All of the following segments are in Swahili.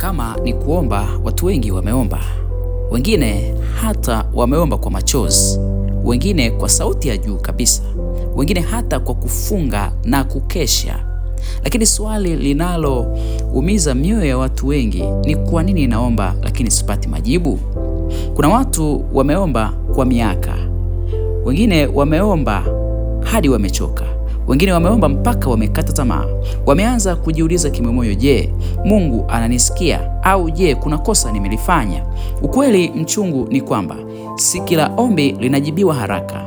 Kama ni kuomba, watu wengi wameomba, wengine hata wameomba kwa machozi, wengine kwa sauti ya juu kabisa, wengine hata kwa kufunga na kukesha. Lakini swali linaloumiza mioyo ya watu wengi ni kwa nini naomba lakini sipati majibu? Kuna watu wameomba kwa miaka, wengine wameomba hadi wamechoka wengine wameomba mpaka wamekata tamaa. Wameanza kujiuliza kimoyomoyo, je, Mungu ananisikia au je, kuna kosa nimelifanya? Ukweli mchungu ni kwamba si kila ombi linajibiwa haraka,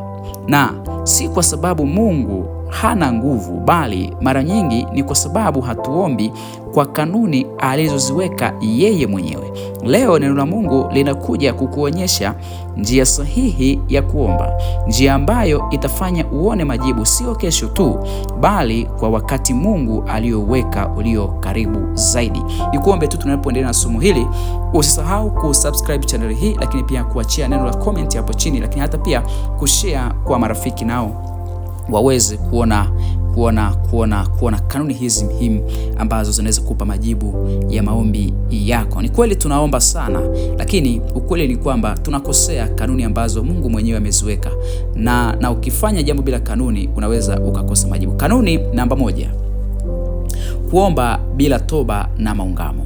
na si kwa sababu Mungu hana nguvu, bali mara nyingi ni kwa sababu hatuombi kwa kanuni alizoziweka yeye mwenyewe. Leo neno la Mungu linakuja kukuonyesha njia sahihi ya kuomba, njia ambayo itafanya uone majibu, sio kesho tu, bali kwa wakati Mungu aliyoweka ulio karibu zaidi. Nikuombe tu tunapoendelea na somo hili, usisahau kusubscribe channel hii, lakini pia kuachia neno la comment hapo chini, lakini hata pia kushare kwa marafiki nao waweze kuona kuona kuona kuona kanuni hizi muhimu ambazo zinaweza kupa majibu ya maombi yako. Ni kweli tunaomba sana, lakini ukweli ni kwamba tunakosea kanuni ambazo Mungu mwenyewe ameziweka, na na ukifanya jambo bila kanuni unaweza ukakosa majibu. Kanuni namba moja: kuomba bila toba na maungamo.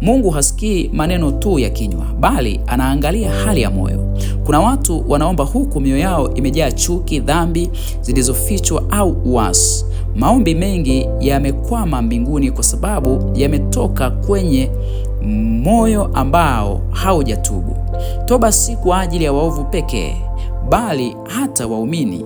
Mungu hasikii maneno tu ya kinywa, bali anaangalia hali ya moyo. Kuna watu wanaomba huku mioyo yao imejaa chuki, dhambi zilizofichwa au uasi. Maombi mengi yamekwama mbinguni kwa sababu yametoka kwenye moyo ambao haujatubu. Toba si kwa ajili ya waovu pekee, bali hata waumini.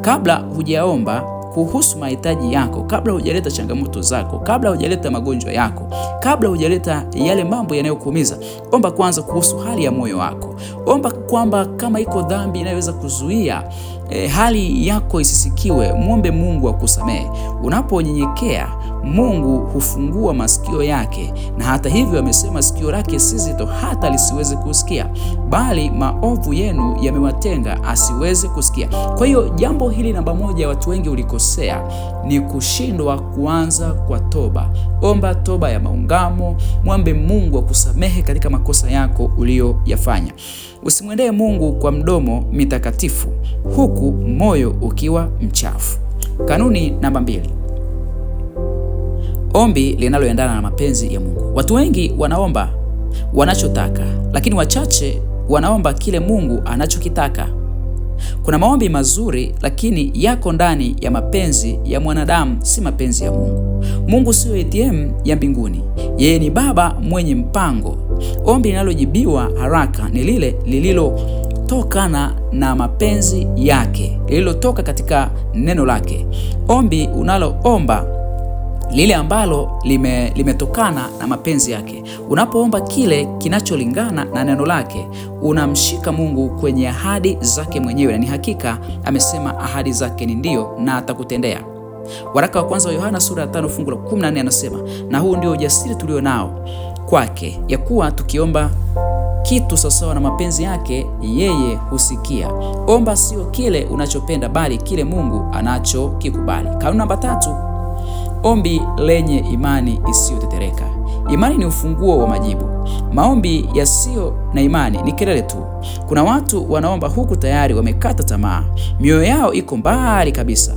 Kabla hujaomba kuhusu mahitaji yako kabla hujaleta changamoto zako, kabla hujaleta magonjwa yako, kabla hujaleta yale mambo yanayokuumiza. Omba kwanza kuhusu hali ya moyo wako. Omba kwamba kama iko dhambi inayoweza kuzuia e, hali yako isisikiwe, mwombe Mungu akusamehe. Unaponyenyekea Mungu hufungua masikio yake, na hata hivyo amesema sikio lake si zito hata lisiweze kusikia, bali maovu yenu yamewatenga asiweze kusikia. Kwa hiyo jambo hili namba moja, watu wengi ulikosea ni kushindwa kuanza kwa toba. Omba toba ya maungamo, mwambe Mungu akusamehe katika makosa yako uliyoyafanya. Usimwendee Mungu kwa mdomo mitakatifu, huku moyo ukiwa mchafu. Kanuni namba mbili Ombi linaloendana na mapenzi ya Mungu. Watu wengi wanaomba wanachotaka, lakini wachache wanaomba kile Mungu anachokitaka. Kuna maombi mazuri, lakini yako ndani ya mapenzi ya mwanadamu, si mapenzi ya Mungu. Mungu siyo ATM ya mbinguni, yeye ni Baba mwenye mpango. Ombi linalojibiwa haraka ni lile lililotokana na mapenzi yake, lililotoka katika neno lake. Ombi unaloomba lile ambalo lime, limetokana na mapenzi yake. Unapoomba kile kinacholingana na neno lake, unamshika Mungu kwenye ahadi zake mwenyewe, na ni hakika amesema ahadi zake ni ndiyo na atakutendea. Waraka wa kwanza wa Yohana sura ya 5 fungu la 14 anasema, na huu ndio ujasiri tulio nao kwake, ya kuwa tukiomba kitu sawasawa na mapenzi yake, yeye husikia. Omba sio kile unachopenda, bali kile Mungu anachokikubali. Kanuni namba tatu Ombi lenye imani isiyotetereka. Imani ni ufunguo wa majibu. Maombi yasiyo na imani ni kelele tu. Kuna watu wanaomba huku tayari wamekata tamaa, mioyo yao iko mbali kabisa.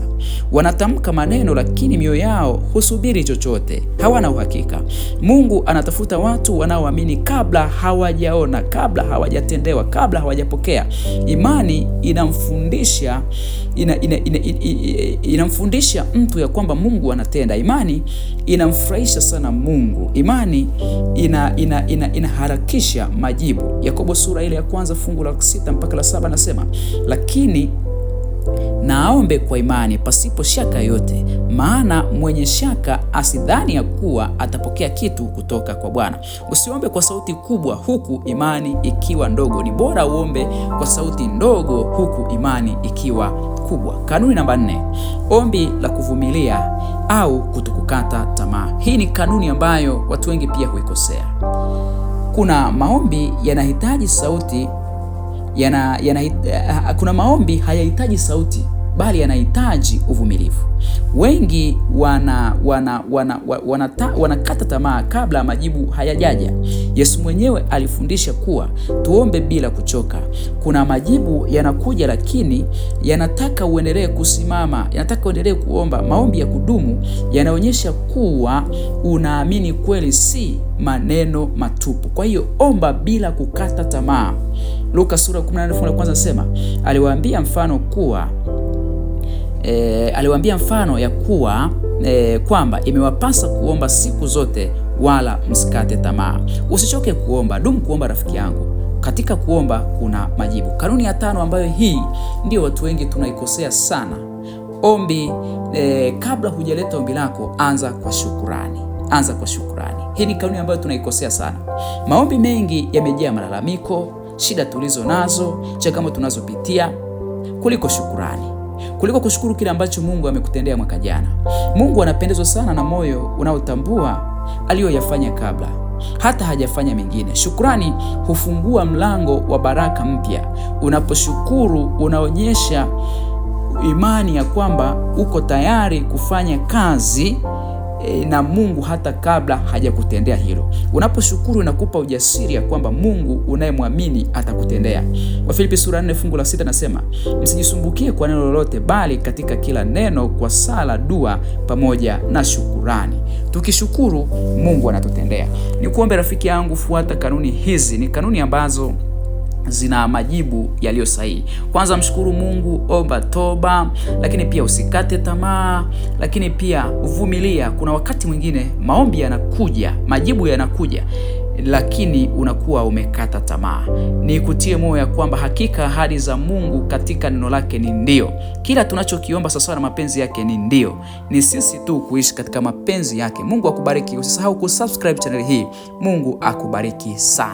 Wanatamka maneno lakini mioyo yao husubiri chochote, hawana uhakika. Mungu anatafuta watu wanaoamini kabla hawajaona, kabla hawajatendewa, kabla hawajapokea. Imani inamfundisha ina, ina, ina, ina, ina, inamfundisha mtu ya kwamba Mungu anatenda. Imani inamfurahisha sana Mungu. Imani inaharakisha ina, ina, ina majibu. Yakobo sura ile ya kwanza fungu la sita mpaka la saba anasema lakini na aombe kwa imani pasipo shaka yote, maana mwenye shaka asidhani ya kuwa atapokea kitu kutoka kwa Bwana. Usiombe kwa sauti kubwa huku imani ikiwa ndogo, ni bora uombe kwa sauti ndogo huku imani ikiwa kubwa. Kanuni namba nne, ombi la kuvumilia au kutokukata tamaa. Hii ni kanuni ambayo watu wengi pia huikosea. Kuna maombi yanahitaji sauti yana, yana, eh, kuna maombi hayahitaji sauti bali yanahitaji uvumilivu. Wengi wana wana wanakata wana, wana, wana tamaa kabla majibu hayajaja. Yesu mwenyewe alifundisha kuwa tuombe bila kuchoka. Kuna majibu yanakuja, lakini yanataka uendelee kusimama, yanataka uendelee kuomba. Maombi ya kudumu yanaonyesha kuwa unaamini kweli, si maneno matupu. Kwa hiyo omba bila kukata tamaa. Luka sura 14 fungu la kwanza sema aliwaambia mfano kuwa e, aliwaambia mfano ya kuwa e, kwamba imewapasa kuomba siku zote wala msikate tamaa. Usichoke kuomba, dumu kuomba rafiki yangu. Katika kuomba kuna majibu. Kanuni ya tano ambayo hii ndio watu wengi tunaikosea sana. Ombi e, kabla hujaleta ombi lako anza kwa shukurani anza kwa shukrani. Hii ni kanuni ambayo tunaikosea sana. Maombi mengi yamejaa malalamiko, shida tulizo nazo, changamoto tunazopitia kuliko shukrani, kuliko kushukuru kile ambacho Mungu amekutendea mwaka jana. Mungu anapendezwa sana na moyo unaotambua aliyoyafanya kabla hata hajafanya mengine. Shukrani hufungua mlango wa baraka mpya. Unaposhukuru unaonyesha imani ya kwamba uko tayari kufanya kazi e, na Mungu hata kabla hajakutendea hilo. Unaposhukuru inakupa ujasiri ya kwamba Mungu unayemwamini atakutendea. Wafilipi sura 4 fungu la 6 nasema msijisumbukie kwa neno lolote, bali katika kila neno kwa sala, dua pamoja na shukurani. Tukishukuru Mungu anatutendea. Nikuombe rafiki yangu, fuata kanuni hizi. Ni kanuni ambazo zina majibu yaliyo sahihi. Kwanza mshukuru Mungu, omba toba, lakini pia usikate tamaa, lakini pia vumilia. Kuna wakati mwingine maombi yanakuja, majibu yanakuja lakini unakuwa umekata tamaa. Ni kutie moyo ya kwamba hakika ahadi za Mungu katika neno lake ni ndio. Kila tunachokiomba sawasawa na mapenzi yake ni ndio. Ni sisi tu kuishi katika mapenzi yake. Mungu akubariki. Usisahau kusubscribe channel hii. Mungu akubariki sana.